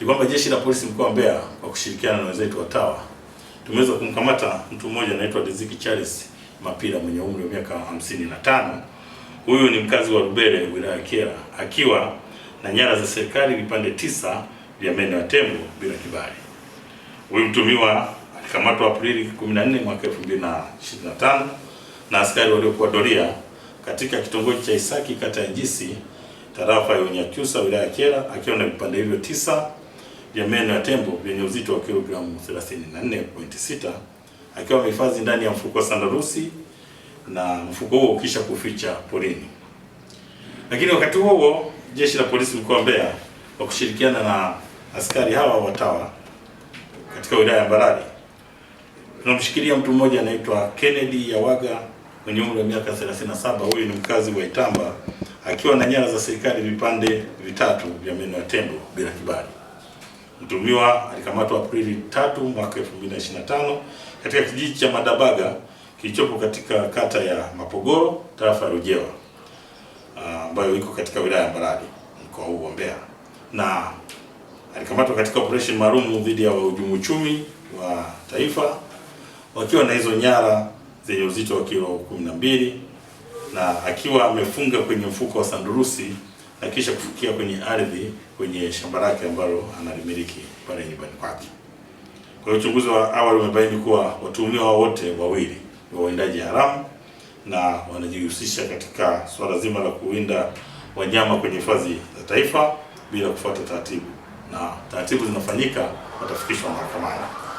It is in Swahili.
Ni kwamba jeshi la polisi mkoa wa Mbeya kwa kushirikiana na wenzetu wa TAWA tumeweza kumkamata mtu mmoja anaitwa Riziki Charles mapira mwenye umri wa miaka 55. Huyu ni mkazi wa Rubele wilaya ya Kyela akiwa na nyara za serikali vipande tisa vya meno ya tembo bila kibali. Huyu mtumiwa alikamatwa Aprili 14 mwaka 2025 na askari waliokuwa doria katika kitongoji cha Isaki kata ya jisi tarafa ya Unyakyusa wilaya ya Kyela akiwa na vipande hivyo tisa ya meno ya tembo vyenye uzito wa kilogramu 34.6 akiwa amehifadhi ndani ya mfuko wa sandarusi na mfuko huo ukisha kuficha porini. Lakini wakati huo huo jeshi la polisi mkoa wa Mbeya kwa kushirikiana na askari hawa watawa katika wilaya ya Mbarali tunamshikilia mtu mmoja anaitwa Kennedy Yawaga mwenye umri wa miaka 37. Huyu ni mkazi wa Itamba akiwa na nyara za serikali vipande vitatu vya meno ya tembo bila kibali. Mtuhumiwa alikamatwa Aprili 3 mwaka 2025 katika kijiji cha Madabaga kilichopo katika kata ya Mapogoro tarafa ya Rujewa ah, ambayo iko katika wilaya ya Mbarali mkoa huu wa Mbeya, na alikamatwa katika operation maalum dhidi ya wahujumu uchumi wa taifa wakiwa na hizo nyara zenye uzito wa kilo 12 na akiwa amefunga kwenye mfuko wa sandurusi na kisha kufikia kwenye ardhi kwenye shamba lake ambalo analimiliki pale nyumbani kwake. Kwa hiyo uchunguzi wa awali umebaini kuwa watuhumiwa wote wawili ni wawindaji haramu na wanajihusisha katika suala zima la kuwinda wanyama kwenye hifadhi za taifa bila kufuata taratibu, na taratibu zinafanyika, watafikishwa mahakamani.